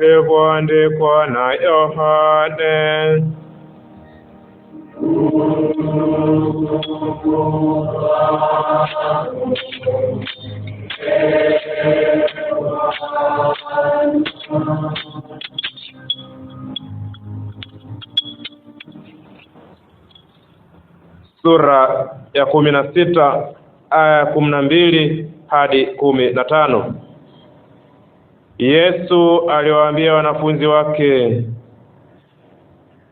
ivyoandikwa na Yohane. Sura ya kumi na sita aya kumi na mbili hadi kumi na tano. Yesu aliwaambia wanafunzi wake,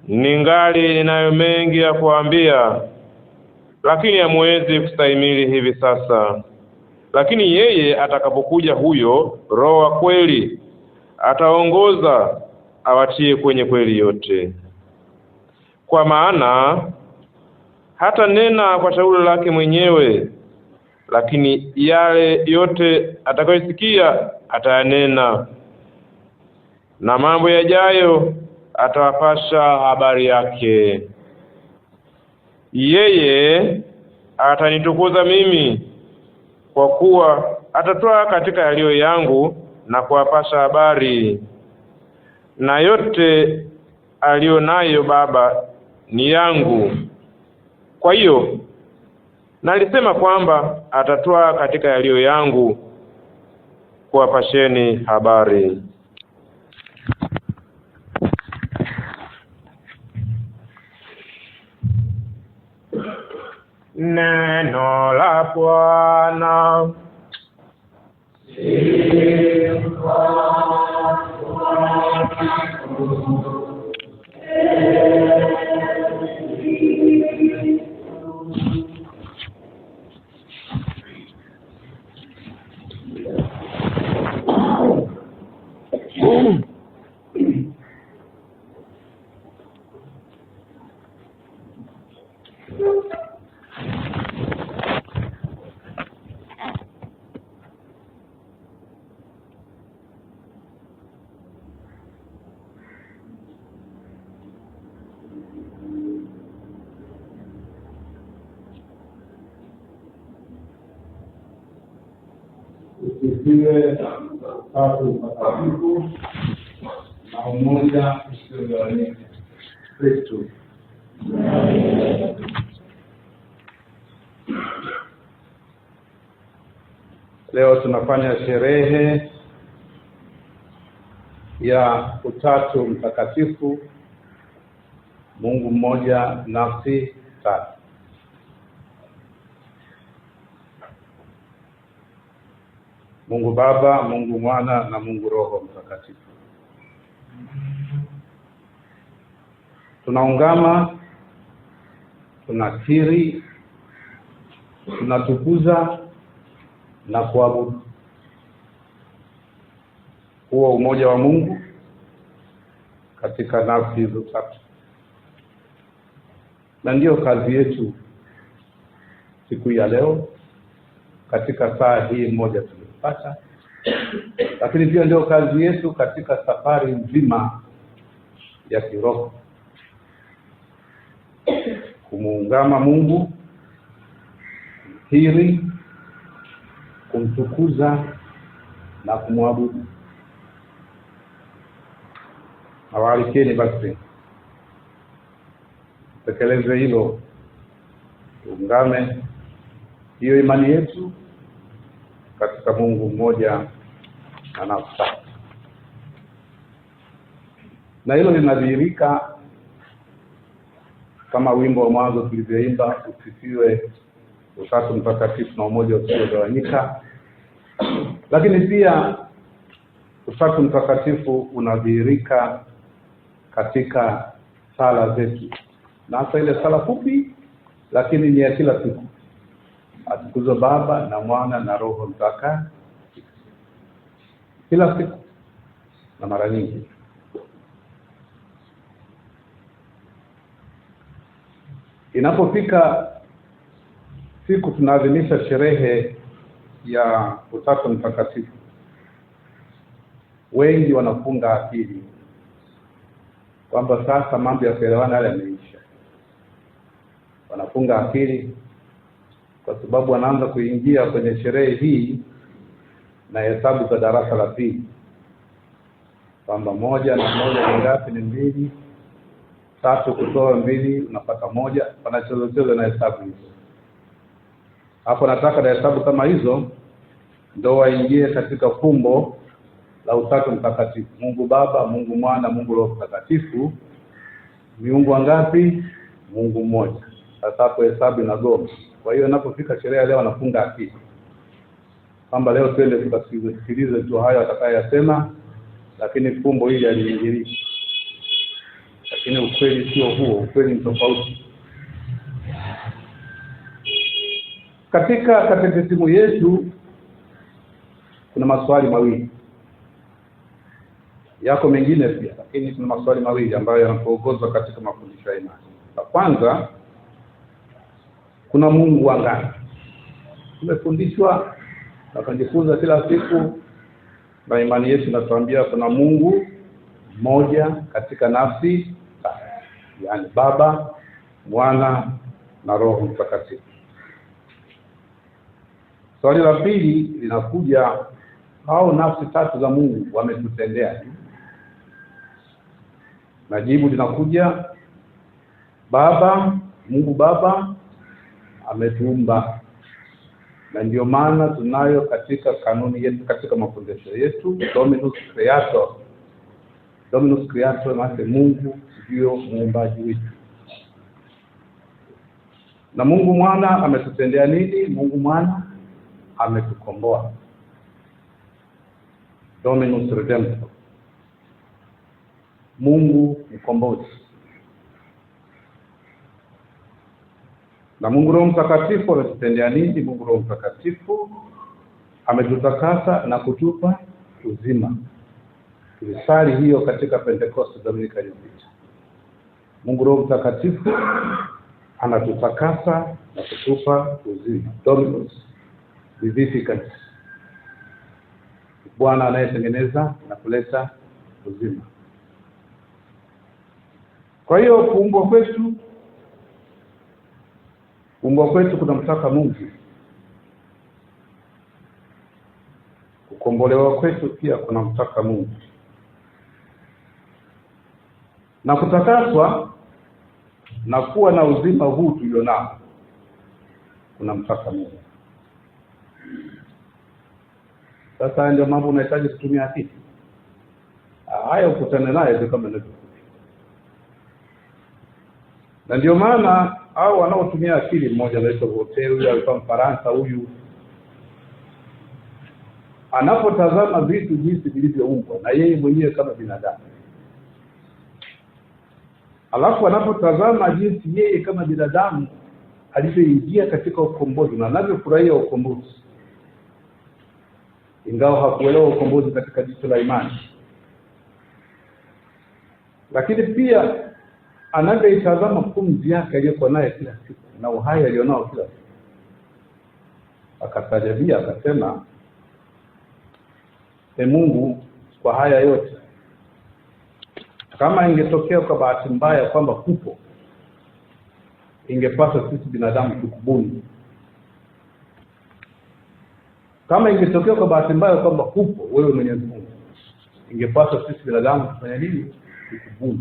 ningali ninayo mengi ya kuambia, lakini hamuwezi kustahimili hivi sasa. Lakini yeye atakapokuja huyo Roho wa kweli, ataongoza awatie kwenye kweli yote, kwa maana hata nena kwa shauri lake mwenyewe lakini yale yote atakayosikia atayanena, na mambo yajayo atawapasha habari yake. Yeye atanitukuza mimi, kwa kuwa atatoa katika yaliyo yangu na kuwapasha habari. Na yote aliyo nayo Baba ni yangu, kwa hiyo na alisema kwamba atatoa katika yaliyo yangu kuwapasheni habari. Neno la Bwana. Kristo leo tunafanya sherehe ya Utatu Mtakatifu, Mungu mmoja, nafsi tatu. Mungu Baba, Mungu Mwana na Mungu Roho Mtakatifu tunaungama, tunakiri, tunatukuza na kuabudu. Huo umoja wa Mungu katika nafsi hizo tatu, na ndiyo kazi yetu siku ya leo katika saa hii moja tuliyopata, lakini pia ndio kazi yetu katika safari nzima ya kiroho kumuungama Mungu, hiri kumtukuza na kumwabudu. Nawaalikeni basi tekeleze hilo, tuungame hiyo imani yetu katika Mungu mmoja na nafsi. Na hilo linadhihirika kama wimbo wa mwanzo tulivyoimba, usifiwe Utatu Mtakatifu na umoja usiogawanyika. Lakini pia Utatu Mtakatifu unadhihirika katika sala zetu, na hasa ile sala fupi, lakini ni ya kila siku, atukuzwe Baba na Mwana na Roho Mtakatifu, kila siku na mara nyingi Inapofika siku tunaadhimisha sherehe ya Utatu Mtakatifu, wengi wanafunga akili kwamba sasa mambo ya kuelewana yale yameisha. Wanafunga akili kwa sababu wanaanza kuingia kwenye sherehe hii na hesabu za darasa la pili kwamba moja na moja ni ngapi? Ni mbili tatu kutoa mbili unapata moja, wanachezocheza na hesabu hizo. Hapo nataka na hesabu kama hizo ndo waingie katika fumbo la utatu mtakatifu, Mungu Baba, Mungu Mwana, Mungu Roho Mtakatifu. Miungu wangapi? Mungu mmoja. Sasa hapo hesabu inagoma. Kwa hiyo inapofika sherehe leo anafunga akili kwamba leo twende tukasikilize tu hayo atakayosema, lakini fumbo hili aliingilia lakini ukweli sio huo, ukweli ni tofauti. Katika katekisimu yetu kuna maswali mawili, yako mengine pia, lakini kuna maswali mawili ambayo yanatuongozwa katika mafundisho ya imani. La kwanza, kuna Mungu wa ngani. Tumefundishwa na kila siku, na imani yetu inatuambia kuna Mungu mmoja katika nafsi yaani Baba, Mwana na Roho Mtakatifu. Swali la pili linakuja, hao nafsi tatu za Mungu wametutendea, na jibu linakuja Baba, Mungu Baba ametuumba na ndio maana tunayo katika kanuni yetu, katika mafundisho yetu Dominus Creator Dominus Creator, maana Mungu ndio muumbaji wetu. Na Mungu mwana ametutendea nini? Mungu mwana ametukomboa. Dominus Redemptor, Mungu mkombozi. Na Mungu Roho Mtakatifu ametutendea nini? Mungu Roho Mtakatifu ametutakasa na kutupa uzima. Tulisali hiyo katika Pentekoste Dominika iliyopita. Mungu Roho Mtakatifu anatutakasa na kutupa uzima. Dominus vivificat. Bwana anayetengeneza na kuleta uzima. Kwa hiyo kuumbwa kwetu kuumbwa kwetu kunamtaka Mungu. Kukombolewa kwetu pia kunamtaka Mungu na kutakaswa na kuwa na uzima huu tulionao kuna mpaka mmoja Sasa ndio mambo unahitaji kutumia akili. Haya ukutane naye ndio kama ndio. Na ndio maana au wanaotumia akili, mmoja anaitwa Voltaire, huyu alikuwa Mfaransa, huyu anapotazama vitu jinsi vilivyoumbwa na yeye mwenyewe kama binadamu alafu anapotazama jinsi yeye kama binadamu alivyoingia katika ukombozi na anavyofurahia ukombozi, ingawa hakuelewa ukombozi katika jicho la imani, lakini pia anavyoitazama pumzi yake aliyokuwa nayo kila siku na uhai alionao kila siku, akatajabia akasema, e Mungu, kwa haya yote kama ingetokea kwa bahati mbaya kwamba kupo, ingepaswa sisi binadamu tukubuni. Kama ingetokea kwa bahati mbaya kwamba kupo wewe Mwenyezi Mungu, ingepaswa sisi binadamu kufanya nini? Tukubuni,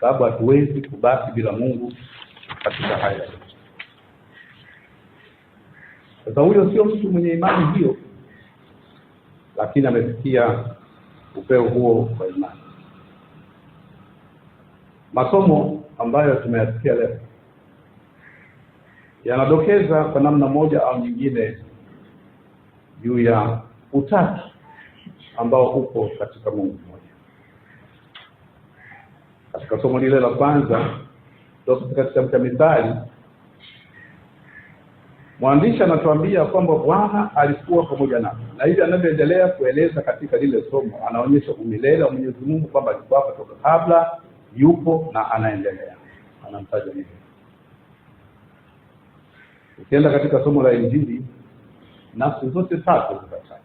sababu hatuwezi kubaki bila Mungu katika haya. Sasa huyo sio mtu mwenye imani hiyo, lakini amefikia upeo huo kwa imani. Masomo ambayo tumeyasikia leo yanadokeza kwa namna moja au nyingine juu ya utatu ambao upo katika Mungu mmoja. Katika somo lile la kwanza katika kitabu cha Mithali, mwandishi anatuambia kwamba Bwana alikuwa pamoja nao, na hivi anavyoendelea kueleza katika lile somo, anaonyesha umilele wa Mwenyezi Mungu kwamba alikuwa hapa toka kabla yupo na anaendelea, anamtaja hivyo. Ukienda katika somo la Injili, nafsi zote tatu zitatajwa.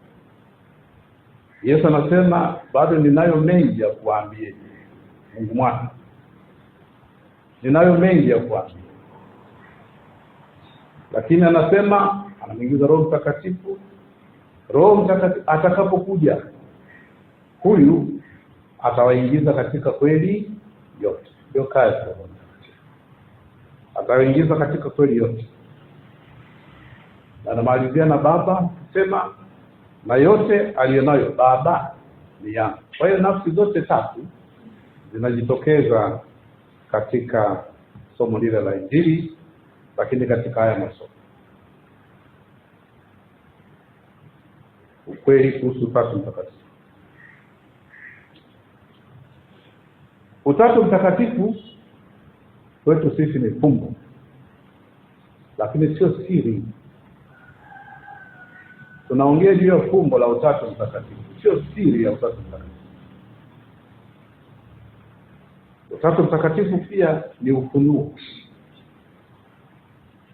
Yesu anasema bado ninayo mengi ya kuwaambia Mungu mwana, ninayo mengi ya kuambia, lakini anasema anamwingiza Roho Mtakatifu. Roho Mtakatifu atakapokuja, huyu atawaingiza katika kweli yote, ndio kazi ya Roho Mtakatifu katika kweli yote. Anamalizia na Baba kusema na yote aliyonayo Baba ni yangu. Kwa hiyo nafsi zote tatu zinajitokeza katika somo lile la Injili, lakini katika haya masomo ukweli kuhusu Utatu Mtakatifu. Utatu Mtakatifu wetu sisi ni fumbo, lakini sio siri. Tunaongea juu ya fumbo la Utatu Mtakatifu, sio siri ya Utatu Mtakatifu. Utatu Mtakatifu pia ni ufunuo,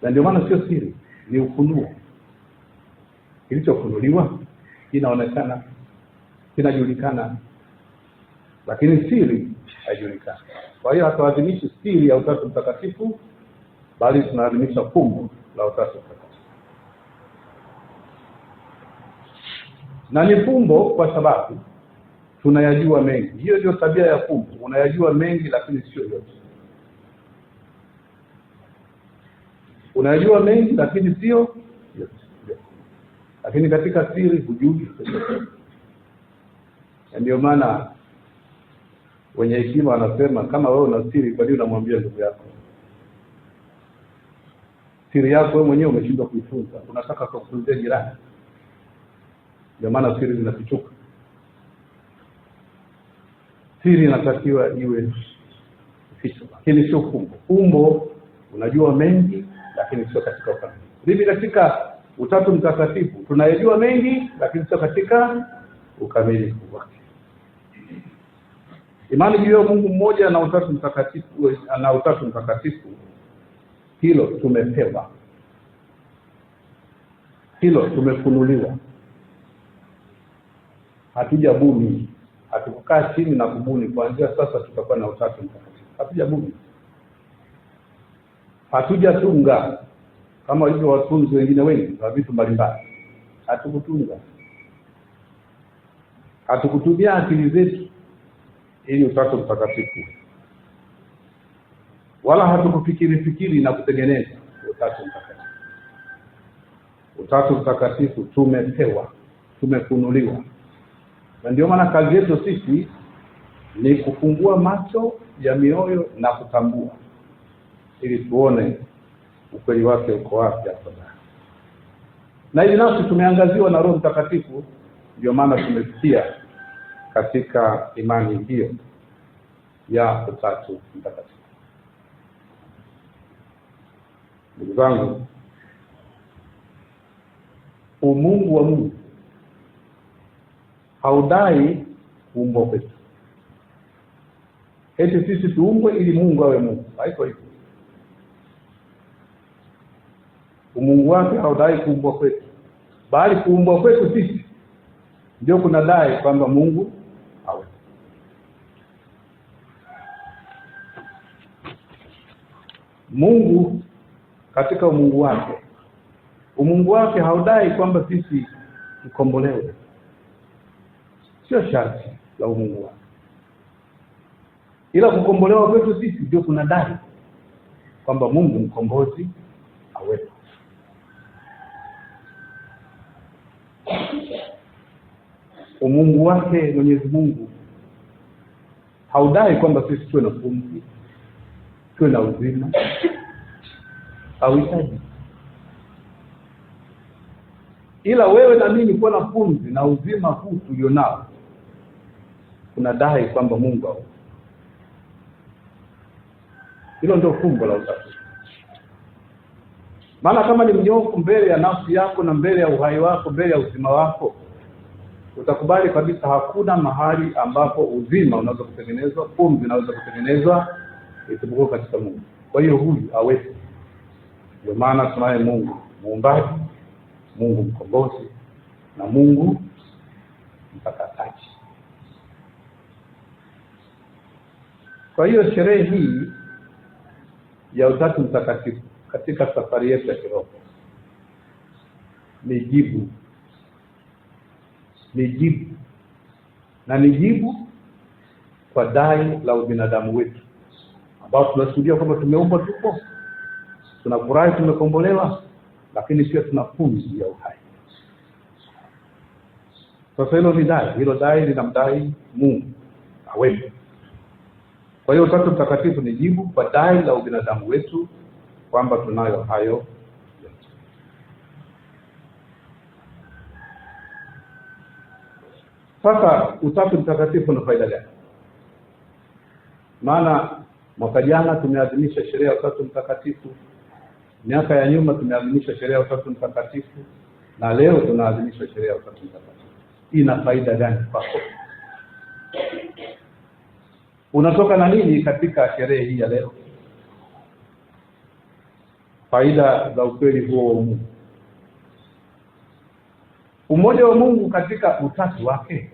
na ndio maana sio siri, ni ufunuo. Kilichofunuliwa kinaonekana, kinajulikana, lakini siri haijulikani. Kwa hiyo hatuadhimishi siri ya utatu mtakatifu, bali tunaadhimisha fumbo la utatu mtakatifu, na ni fumbo kwa sababu tunayajua mengi. Hiyo ndio tabia ya fumbo, unayajua mengi lakini sio yote. Unayajua mengi lakini sio yote, lakini katika siri hujui. Ndio maana Wenye hekima wanasema kama wewe una siri, kwa nini unamwambia ndugu yako? Siri yako wewe mwenyewe umeshindwa kuifunza, unataka kufunzia jirani. Ndio maana siri zinafichuka. Siri inatakiwa iwe ficha lakini sio fumbo. Fumbo unajua mengi, lakini sio katika ukamilifu. Mimi katika Utatu Mtakatifu tunayejua mengi, lakini sio katika ukamilifu wake. Imani juu ya Mungu mmoja na utatu mtakatifu na utatu mtakatifu, hilo tumepewa, hilo tumefunuliwa. Hatujabuni, hatukukaa chini na kubuni kuanzia sasa tutakuwa na utatu mtakatifu. Hatujabuni, hatujatunga kama walivyo watunzi wengine wengi wa vitu mbalimbali. Hatukutunga, hatukutumia akili zetu ili Utatu Mtakatifu, wala hatukufikiri fikiri na kutengeneza Utatu Mtakatifu. Utatu Mtakatifu tumepewa, tumefunuliwa, na ndio maana kazi yetu sisi ni kufungua macho ya mioyo na kutambua, ili tuone ukweli wake uko wapi hapo ndani. Na hivi nasi tumeangaziwa na Roho Mtakatifu, ndio maana tumefikia katika imani hiyo ya Utatu Mtakatifu. Ndugu zangu, umungu wa Mungu haudai kuumbwa kwetu, heti sisi tuumbwe ili Mungu awe Mungu. Haiko hivyo. Umungu wake haudai kuumbwa kwetu, bali kuumbwa kwetu sisi ndio kunadai kwamba Mungu Mungu katika umungu wake, umungu wake haudai kwamba sisi tukombolewe, sio sharti la umungu wake, ila kukombolewa kwetu sisi ndio dai kwamba Mungu mkombozi awepo. Umungu wake Mwenyezi Mungu haudai kwamba sisi tuwe na pumzi que la uzima ah hauhitaji, ila wewe na mimi kuwa na pumzi na uzima huu tulionao, kuna dai kwamba Mungu au hilo ndio fungo la utatu. Maana kama ni mnyofu mbele ya nafsi yako na mbele ya uhai wako, mbele ya uzima wako, utakubali kabisa hakuna mahali ambapo uzima unaweza kutengenezwa, pumzi unaweza kutengenezwa isipokuwa katika Mungu. Kwa hiyo huyu hawezi. Ndio maana tunaye Mungu muumbaji, Mungu mkombozi na Mungu mtakatifu. Kwa hiyo sherehe hii ya Utatu Mtakatifu katika safari yetu ya kiroho ni jibu, ni jibu na ni jibu kwa dai la ubinadamu wetu ambao tunashuhudia kwamba tumeumbwa, tupo, tunafurahi, tumekombolewa, lakini pia tuna pumzi ya uhai. Sasa hilo ni dai, hilo dai linamdai Mungu awepo. Kwa hiyo Utatu Mtakatifu ni jibu kwa dai la ubinadamu wetu kwamba tunayo hayo yote. Sasa Utatu Mtakatifu na faida gani? Maana Mwaka jana tumeadhimisha sherehe ya Utatu Mtakatifu, miaka ya nyuma tumeadhimisha sherehe ya Utatu Mtakatifu na leo tunaadhimisha sherehe ya Utatu Mtakatifu. Ina faida gani kwako? Unatoka na nini katika sherehe hii ya leo? Faida za ukweli huo wa Mungu, umoja wa Mungu katika utatu wake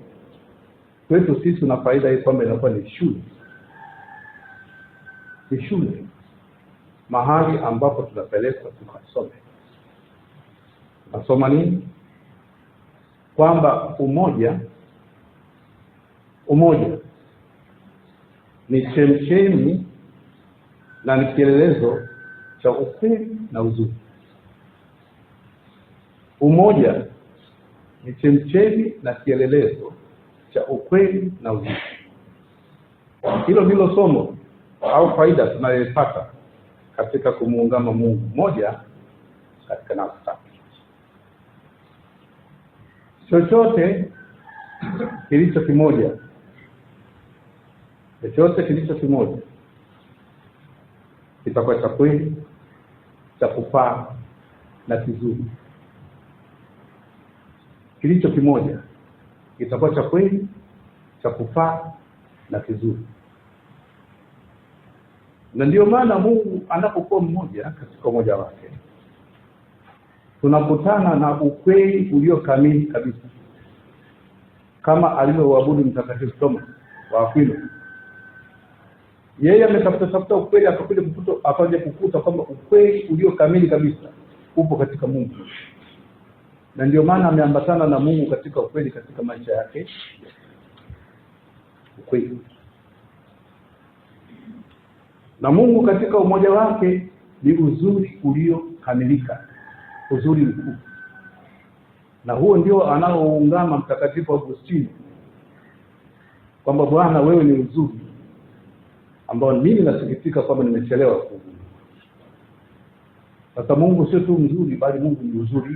kwetu sisi, tuna faida hii kwamba inakuwa ni shule ni shule, mahali ambapo tunapelekwa tukasome. Tunasoma nini? Kwamba umoja, umoja ni chemchemi na ni kielelezo cha ukweli na uzuri. Umoja ni chemchemi na kielelezo cha ukweli na uzuri. Hilo ndilo somo au faida tunayoipata katika kumuungama Mungu mmoja katika nafsi tatu. Chochote kilicho kimoja, chochote kilicho kimoja kitakuwa cha kweli, cha kufaa na kizuri. Kilicho kimoja kitakuwa cha kweli, cha kufaa na kizuri. Na ndio maana Mungu anapokuwa mmoja katika umoja wake, tunakutana na ukweli ulio kamili kabisa, kama alivyouabudu Mtakatifu Toma wa Aquino. Yeye ametafuta tafuta ukweli akakuja kukuta, akaja kukuta kwamba ukweli ulio kamili kabisa upo katika Mungu, na ndio maana ameambatana na Mungu katika ukweli katika maisha yake ukweli na Mungu katika umoja wake ni uzuri uliokamilika, uzuri mkuu, na huo ndio anaoungama Mtakatifu Agustino kwamba Bwana, wewe ni uzuri ambao mimi nasikitika kwamba nimechelewa ku sasa Mungu sio tu mzuri, bali Mungu ni uzuri.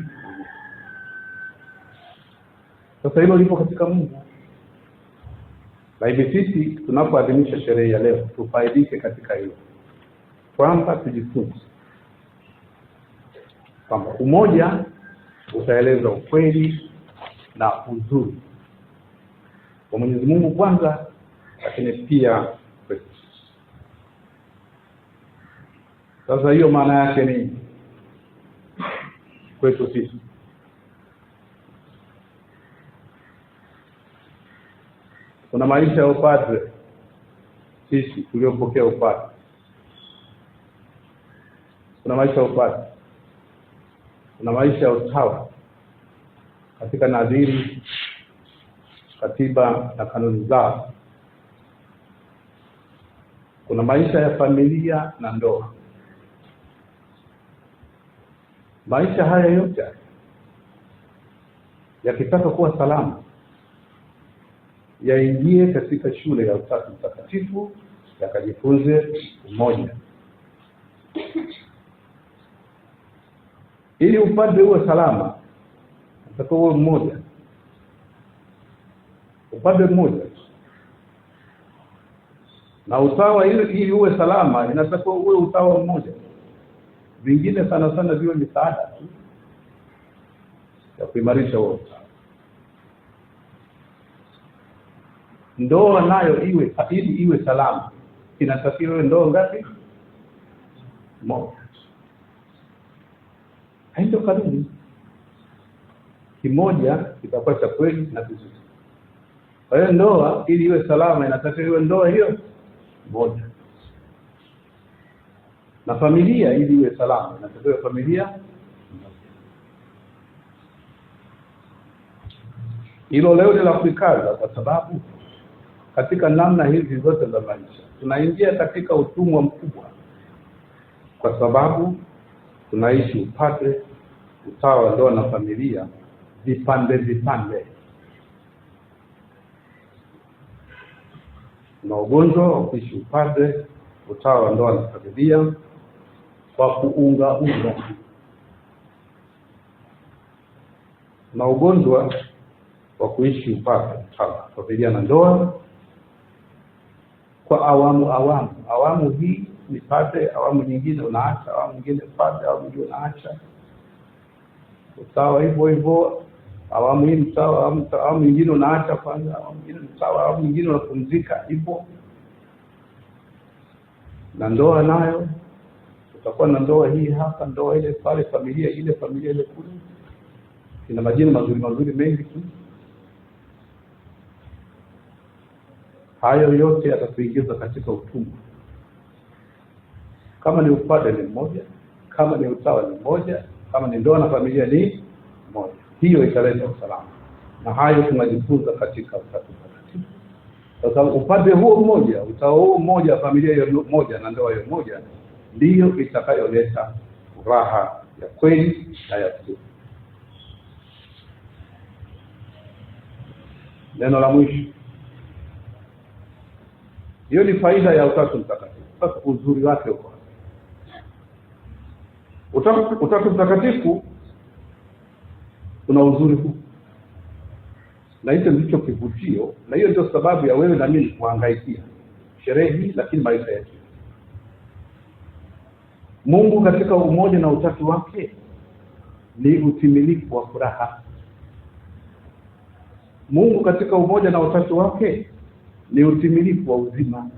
Sasa hilo lipo katika Mungu. Na hivi sisi tunapoadhimisha sherehe ya leo, tufaidike katika hilo kwamba tujifunze kwamba umoja utaeleza ukweli na uzuri wa Mwenyezi Mungu kwanza, lakini pia kwetu. Sasa hiyo maana yake ni kwetu sisi. Kuna maisha ya upadre, sisi tuliopokea upadre, kuna maisha ya upadre, kuna maisha ya utawa katika nadhiri, katiba na kanuni zao. Kuna maisha ya familia na ndoa. Maisha haya yote yakitaka kuwa salama yaingie katika shule ya Utatu Mtakatifu yakajifunze umoja. Ili upadre uwe salama, utakuwa uwe mmoja, upadre mmoja na utawa. Ili ili uwe salama, inatakiwa uwe utawa mmoja. Vingine sana sana viwe misaada tu ya kuimarisha huo utawa. ndoa nayo iwe ili iwe salama inatakiwa iwe ndoa ngapi moja haito kanuni kimoja kitakuwa cha kweli na kizuri kwa hiyo ndoa ili iwe salama inatakiwa iwe ndoa hiyo moja na familia ili iwe salama inatakiwa familia hilo leo ni la kuikaza kwa sababu katika namna hizi zote za maisha. Tunaingia katika utumwa mkubwa, kwa sababu tunaishi upate, utawa, ndoa na familia vipande vipande. na ugonjwa wa kuishi upate, utawa, ndoa na familia kwa kuungaunga na ugonjwa wa kuishi upate familia na ndoa kwa awamu awamu. Awamu hii ni pate awamu nyingine unaacha, awamu nyingine pate awamu nyingine unaacha, usawa hivyo hivyo, awamu hii msawa awamu nyingine unaacha kwanza, awamu nyingine mtawa, awamu nyingine unapumzika hivyo. Na ndoa nayo utakuwa na ndoa hii hapa, ndoa ile pale, familia ile, familia ile kule, ina majina mazuri mazuri mengi tu. Hayo yote yatatuingiza katika utumwa. Kama ni upadre ni mmoja, kama ni utawa ni mmoja, kama ni ndoa na familia ni moja, hiyo italeta usalama, na hayo tunajifunza katika Utatu Mtakatifu, kwa sababu upadre huo mmoja, utawa huo mmoja, familia hiyo moja na ndoa hiyo moja ndiyo itakayoleta furaha ya kweli na ya kudumu. Neno la mwisho hiyo ni faida ya Utatu Mtakatifu. Sasa uzuri wake uko Utatu, Utatu Mtakatifu una uzuri huu, na hicho ndicho kivutio, na hiyo ndio sababu ya wewe na mimi kuhangaikia sherehe hii, lakini maisha yetu Mungu katika umoja na utatu wake ni utimilifu wa furaha. Mungu katika umoja na utatu wake ni utimilifu wa uzima.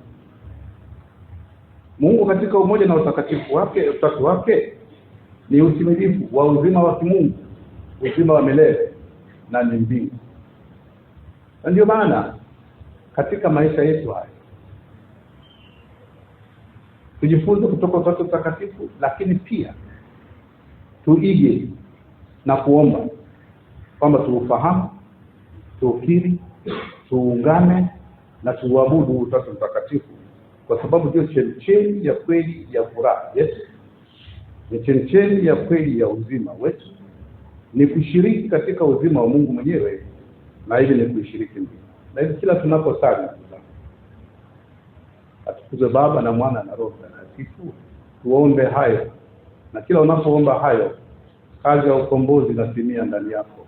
Mungu katika umoja na utakatifu wake, utatu wake ni utimilifu wa uzima wa kimungu, uzima wa milele na ni mbingu. Na ndio maana katika maisha yetu haya tujifunze kutoka Utatu utakatifu lakini pia tuige na kuomba kwamba tuufahamu, tuukiri, tuungane na tuuabudu Utatu Mtakatifu kwa sababu ndio chemchemi ya kweli ya furaha yetu, ni chemchemi ya kweli ya uzima wetu, ni kushiriki katika uzima wa Mungu mwenyewe, na hivi ni kuishiriki mbili Na hivi kila tunaposali, atukuzwe Baba na Mwana na Roho Mtakatifu, tuombe hayo, na kila unapoomba hayo, kazi ya ukombozi inatimia ndani yako.